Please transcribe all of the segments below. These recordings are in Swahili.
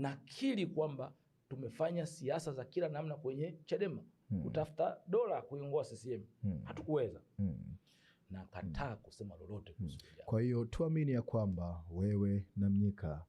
nakiri kwamba tumefanya siasa za kila namna kwenye Chadema hmm. kutafuta dola kuiongoa CCM hmm. hatukuweza hmm. na kataa kusema lolote hmm. Kwa hiyo tuamini ya kwamba wewe na Mnyika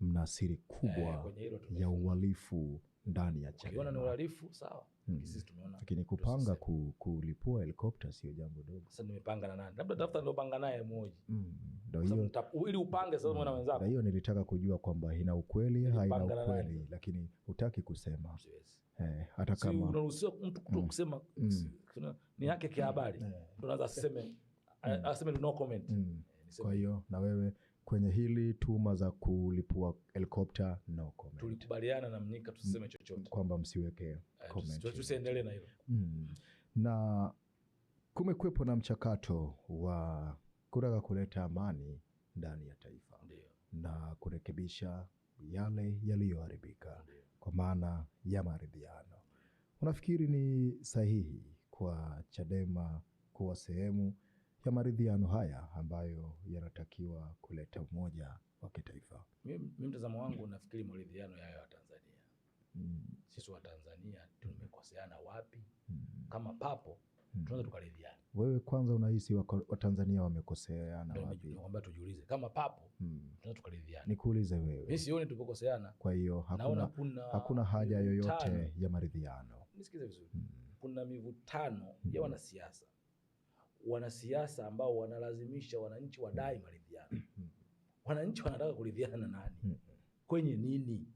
mna siri kubwa eh, ya uhalifu ndani ya Chadema. Ni uhalifu sawa. Hmm. Sisi tumeona. Lakini kupanga ku, kulipua helikopta sio jambo dogo. Sasa nimepanga na nani? Labda tafuta nilopanga naye mmoja. Hmm. Ndio hiyo. Ili upange sasa umeona hmm. wenzako. Ndio hiyo nilitaka kujua kwamba ina ukweli, yaani haina ukweli, lakini hutaki kusema. Eh, hata kama. Si unaruhusiwa mtu kuto hmm. kusema. Ni yake kihabari. Ndio eh. anaanza aseme aseme no comment. Eh, Kwa hiyo na wewe kwenye hili tuma za kulipua helikopta no comment. Tulikubaliana na Mnyika tuseme chochote kwamba msiweke eh, comment, tusiendelee na hilo mm. Na kumekuwepo na mchakato wa kutaka kuleta amani ndani ya taifa Ndiyo. na kurekebisha yale yaliyoharibika kwa maana ya maridhiano. Unafikiri ni sahihi kwa Chadema kuwa sehemu ya maridhiano haya ambayo yanatakiwa kuleta umoja wa kitaifa? Mimi mtazamo wangu nafikiri maridhiano yayo ya Tanzania mm. sisi wa Tanzania tumekoseana wapi? mm. kama papo mm. tunaweza tukaridhiana. Wewe kwanza unahisi Watanzania wamekoseana wapi? Naomba tujiulize kama papo mm. tunaweza tukaridhiana. Nikuulize wewe. Mimi sioni tupokoseana. Kwa hiyo hakuna, kuna, hakuna haja yoyote ya maridhiano. Nisikize vizuri. Mm. Kuna mivutano mm. ya wanasiasa wanasiasa ambao wanalazimisha wananchi wadai maridhiano. Wananchi wanataka kuridhiana nani kwenye nini?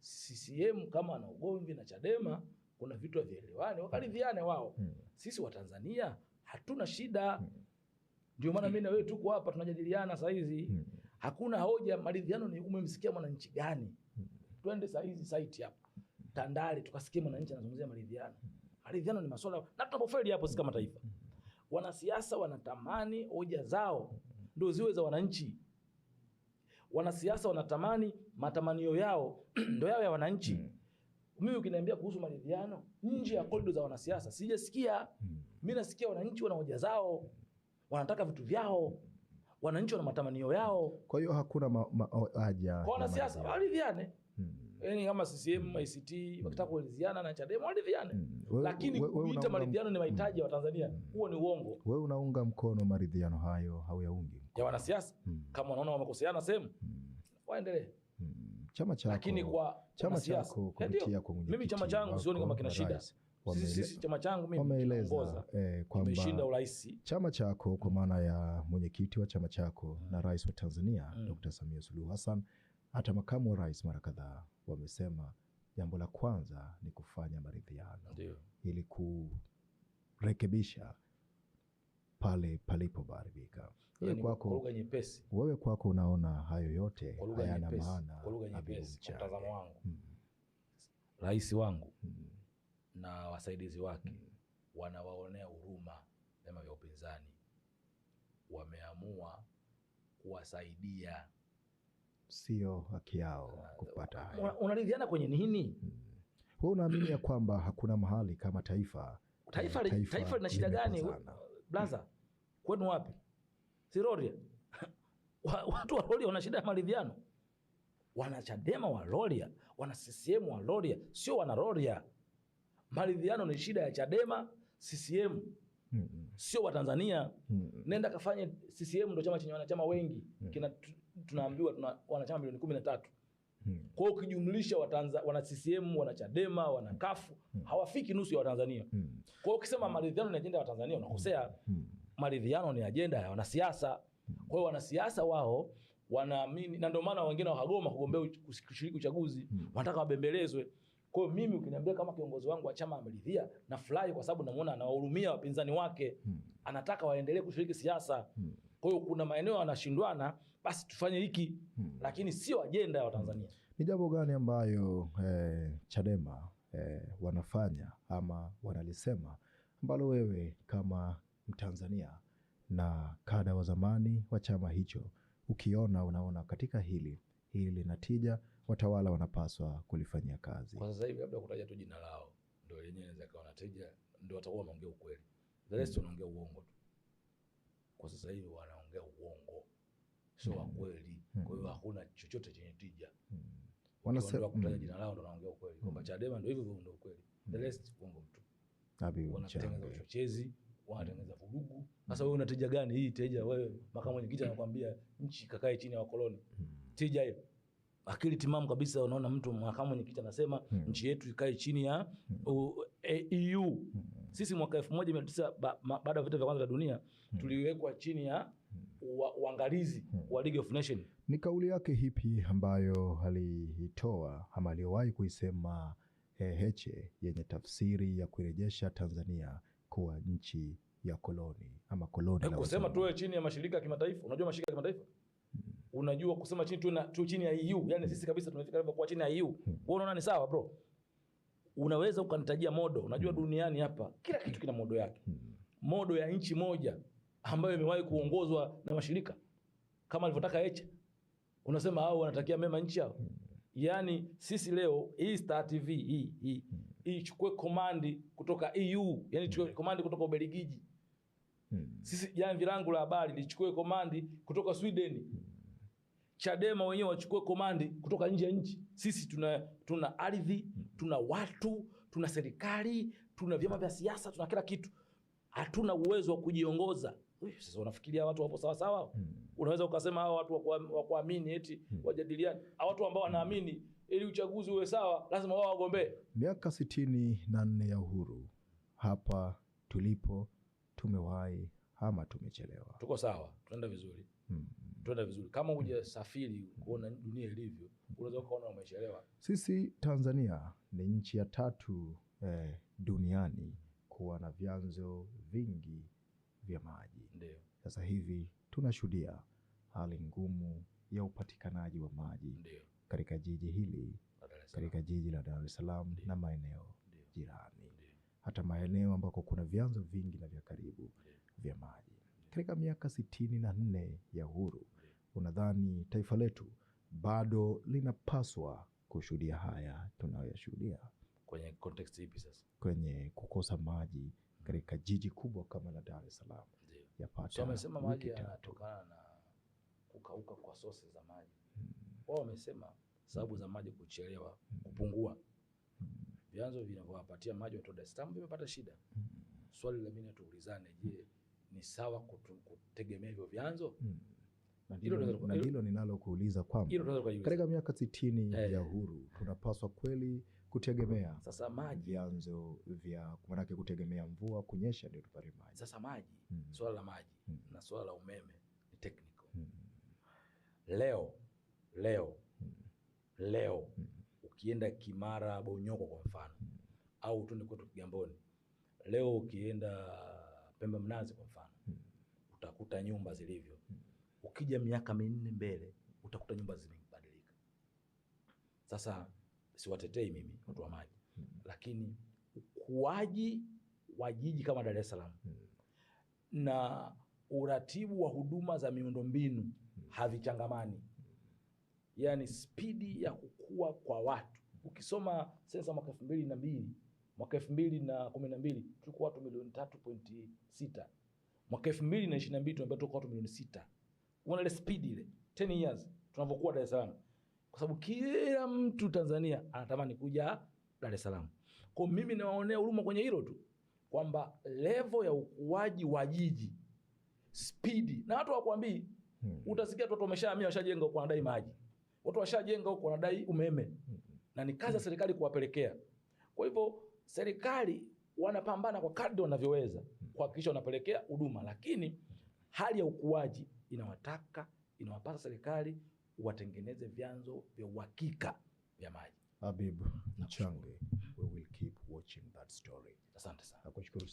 CCM kama ana ugomvi na Chadema, kuna vitu havielewani, wakaridhiane wao. Sisi Watanzania hatuna shida, ndio maana mimi na wewe tuko hapa tunajadiliana saa hizi, hakuna hoja. Maridhiano ni umemsikia mwananchi gani? Twende saa hizi site hapa Tandale tukasikie mwananchi anazungumzia maridhiano. Maridhiano ni masuala na tunapofeli hapo, si kama taifa Wanasiasa wanatamani hoja zao ndio ziwe za wananchi. Wanasiasa wanatamani matamanio yao ndio yao ya wananchi. Mm. Mimi ukiniambia kuhusu maridhiano nje ya korido za wanasiasa sijasikia. Mm. Mimi nasikia wananchi wana hoja zao, wanataka vitu vyao, wananchi wana matamanio yao. Kwa hiyo hakuna haja kwa wanasiasa waridhiane. Mm. yani kama CCM mm. ICT mm. wakitaka kuridhiana na Chadema waridhiane, lakini kuita maridhiano ni mahitaji ya mm. Watanzania, huo ni uongo. Wewe unaunga mkono maridhiano hayo, au yaungi ya wanasiasa mm. kama wanaona wamekoseana sehemu mm. waendelee mm. chama chako, lakini kwa chama chako, eh, kupitia kwa mimi chama changu sioni kama kina shida sisi chama changu mimi wameeleza eh, kwamba urais chama chako kwa maana ya mwenyekiti wa chama chako na rais wa Tanzania Dr. Samia Suluhu Hassan hata makamu wa rais mara kadhaa wamesema jambo la kwanza ni kufanya maridhiano ili kurekebisha pale palipoharibika. Wewe yaani, kwako, wewe kwako unaona hayo yote hayana maana mtazamo wangu mm. Rais wangu mm. na wasaidizi wake mm. wanawaonea huruma vyama vya upinzani, wameamua kuwasaidia sio haki yao ah, kupata haya. Unaridhiana kwenye nini? Hmm. Wewe unaamini ya kwamba hakuna mahali kama taifa eh, taifa lina taifa, taifa, shida gani blaza? Hmm. Kwenu wapi? Si Rorya. Watu wa Rorya wana shida ya maridhiano. Wanachadema wa Rorya, wana CCM wa Rorya, sio wana Rorya. Maridhiano ni shida ya Chadema, CCM. Mm -hmm. Sio Watanzania. Mm -hmm. Nenda kafanye CCM, ndo chama chenye wanachama wengi. Mm -hmm. Kina tunaambiwa tuna wanachama milioni kumi na tatu. Hmm. Kwa hiyo ukijumlisha wana CCM, wana Chadema, wana hmm. kafu hmm. hawafiki nusu ya Watanzania. Hmm. Kwa hiyo ukisema hmm. maridhiano ni ajenda ya Watanzania unakosea. Hmm. hmm. Maridhiano ni ajenda ya wanasiasa. Kwa hiyo wanasiasa wao wanaamini na ndio maana wengine wakagoma kugombea kushiriki uchaguzi, hmm. wanataka wabembelezwe. Kwa hiyo mimi ukiniambia kama kiongozi wangu wa chama ameridhia, nafurahi kwa sababu namuona anawahurumia wapinzani wake, hmm. anataka waendelee kushiriki siasa. hmm. Kwa hiyo kuna maeneo anashindwana, basi tufanye hiki hmm. Lakini sio ajenda ya Watanzania. Hmm. Ni jambo gani ambayo eh, Chadema eh, wanafanya ama wanalisema ambalo wewe kama Mtanzania na kada wa zamani wa chama hicho ukiona unaona katika hili hili lina tija, watawala wanapaswa kulifanyia kazi kwa sasa hivi? Labda kutaja tu jina lao ndio yenye inaweza kawa na tija, ndio watakuwa wanaongea ukweli, the rest hmm. wanaongea uongo tu. Kwa sasa hivi wanaongea uongo sio hmm. wa kweli, hmm. kwa hiyo hakuna chochote chenye tija. Hmm. Wanasema kutaja jina lao ndo naongea ukweli kwamba Chadema ndio hivyo ndio ukweli, the rest uongo mtu. Wanatengeneza uchochezi, wanatengeneza vurugu. Sasa wewe una tija gani hii tija? Wewe makamu mwenyekiti anakuambia nchi kakae chini ya wakoloni, tija hiyo? Akili timamu kabisa, unaona mtu makamu mwenyekiti anasema hmm. nchi yetu ikae chini ya hmm. EU. E, e hmm. Sisi mwaka 1900 baada ya vita vya kwanza vya dunia hmm. tuliwekwa chini ya uangalizi hmm. wa League of Nations. Ni kauli yake hipi ambayo aliitoa ama aliyowahi kuisema eh, Heche yenye tafsiri ya kuirejesha Tanzania kuwa nchi ya koloni ama koloni la kusema tuwe chini ya mashirika ya kimataifa. Unajua mashirika ya kimataifa hmm. Unajua kusema chini tuwe tuwe chini ya EU yani hmm. Sisi kabisa tumefika level kwa chini ya EU hmm. Wewe unaona ni sawa bro? Unaweza ukanitajia modo. Unajua hmm. duniani hapa kila kitu kina modo yake hmm. Modo ya nchi moja ambayo imewahi kuongozwa na mashirika kama alivyotaka Heche. Unasema hao wanatakia mema nchi yao. Yaani sisi leo hii Star TV hii hii ichukue komandi kutoka EU, yani ichukue komandi kutoka Ubelgiji. Sisi jamvi langu la habari lichukue komandi kutoka Sweden. Chadema wenyewe wachukue komandi kutoka nje ya nchi. Sisi tuna tuna ardhi, tuna watu, tuna serikali, tuna vyama vya siasa, tuna kila kitu hatuna uwezo wa kujiongoza. Sasa unafikiria watu wapo sawa sawa? Hmm. Unaweza ukasema hawa watu wa kuamini eti hmm, wajadiliane. Hawa watu ambao wanaamini ili uchaguzi uwe sawa lazima wao wagombee. Miaka sitini na nne ya uhuru, hapa tulipo tumewahi ama tumechelewa? Tuko sawa, tunaenda vizuri hmm. Tunaenda vizuri kama hmm. hujasafiri hmm, kuona dunia ilivyo, hmm. unaweza ukaona umechelewa. Sisi Tanzania ni nchi ya tatu eh, duniani kuwa na vyanzo vingi vya maji. Ndiyo. Sasa hivi tunashuhudia hali ngumu ya upatikanaji wa maji katika jiji hili, katika jiji la Dar es Salaam na maeneo jirani, hata maeneo ambako kuna vyanzo vingi na vya karibu vya maji. Katika miaka sitini na nne ya uhuru, unadhani taifa letu bado linapaswa kushuhudia haya tunayoyashuhudia? Kwenye context ipi sasa? Kwenye kukosa maji katika jiji kubwa kama la Dar es Salaam yapata. Wamesema maji yanatokana na kukauka kwa sources za maji hmm. wao hmm. Wamesema sababu za maji kuchelewa hmm. kupungua, hmm. vyanzo vinavyowapatia maji watu wa Dar es Salaam vimepata shida. Swali la mimi tuulizane, je, ni sawa kutegemea hivyo vyanzo? Na ninalo ninalokuuliza kwamba katika miaka sitini hey, eh. ya uhuru tunapaswa kweli kutegemea sasa maji, vyanzo vya manake kutegemea mvua kunyesha ndio tupate maji. Sasa maji mm swala la maji mm na swala la umeme ni technical mm leo leo mm leo mm ukienda Kimara Bonyoko kwa mfano mm au tuende kwetu Kigamboni leo ukienda Pemba Mnazi kwa mfano mm utakuta nyumba zilivyo mm ukija miaka minne mbele utakuta nyumba zimebadilika sasa mm siwatetei mimi watu wa maji mm. lakini ukuaji wa jiji kama Dar es Salaam mm. na uratibu wa huduma za miundombinu mm. havichangamani yaani spidi ya kukua kwa watu. Ukisoma sensa mwaka elfu mbili na mbili mwaka elfu mbili na kumi na mbili tulikuwa watu milioni tatu pointi sita mwaka elfu mbili na ishirini na mbili tunaambia tuko watu milioni sita. Unaona ile spidi ile 10 years tunavyokuwa Dar es Salaam, kwa sababu kila mtu Tanzania anatamani kuja Dar es Salaam. Kwa mimi nawaonea huruma kwenye hilo tu kwamba levo ya ukuaji wa jiji spidi, na watu wakwambii hmm. Utasikia watu wameshahamia, washajenga huko wanadai maji, watu washajenga huko wanadai umeme hmm. na ni kazi ya hmm. serikali kuwapelekea. Kwa hivyo serikali wanapambana kwa kadri wanavyoweza hmm. kuhakikisha wanapelekea huduma, lakini hali ya ukuaji inawataka inawapasa serikali watengeneze vyanzo vya uhakika vya maji. Habibu Mchange, we will keep watching that story. Asante sana. Nakushukuru.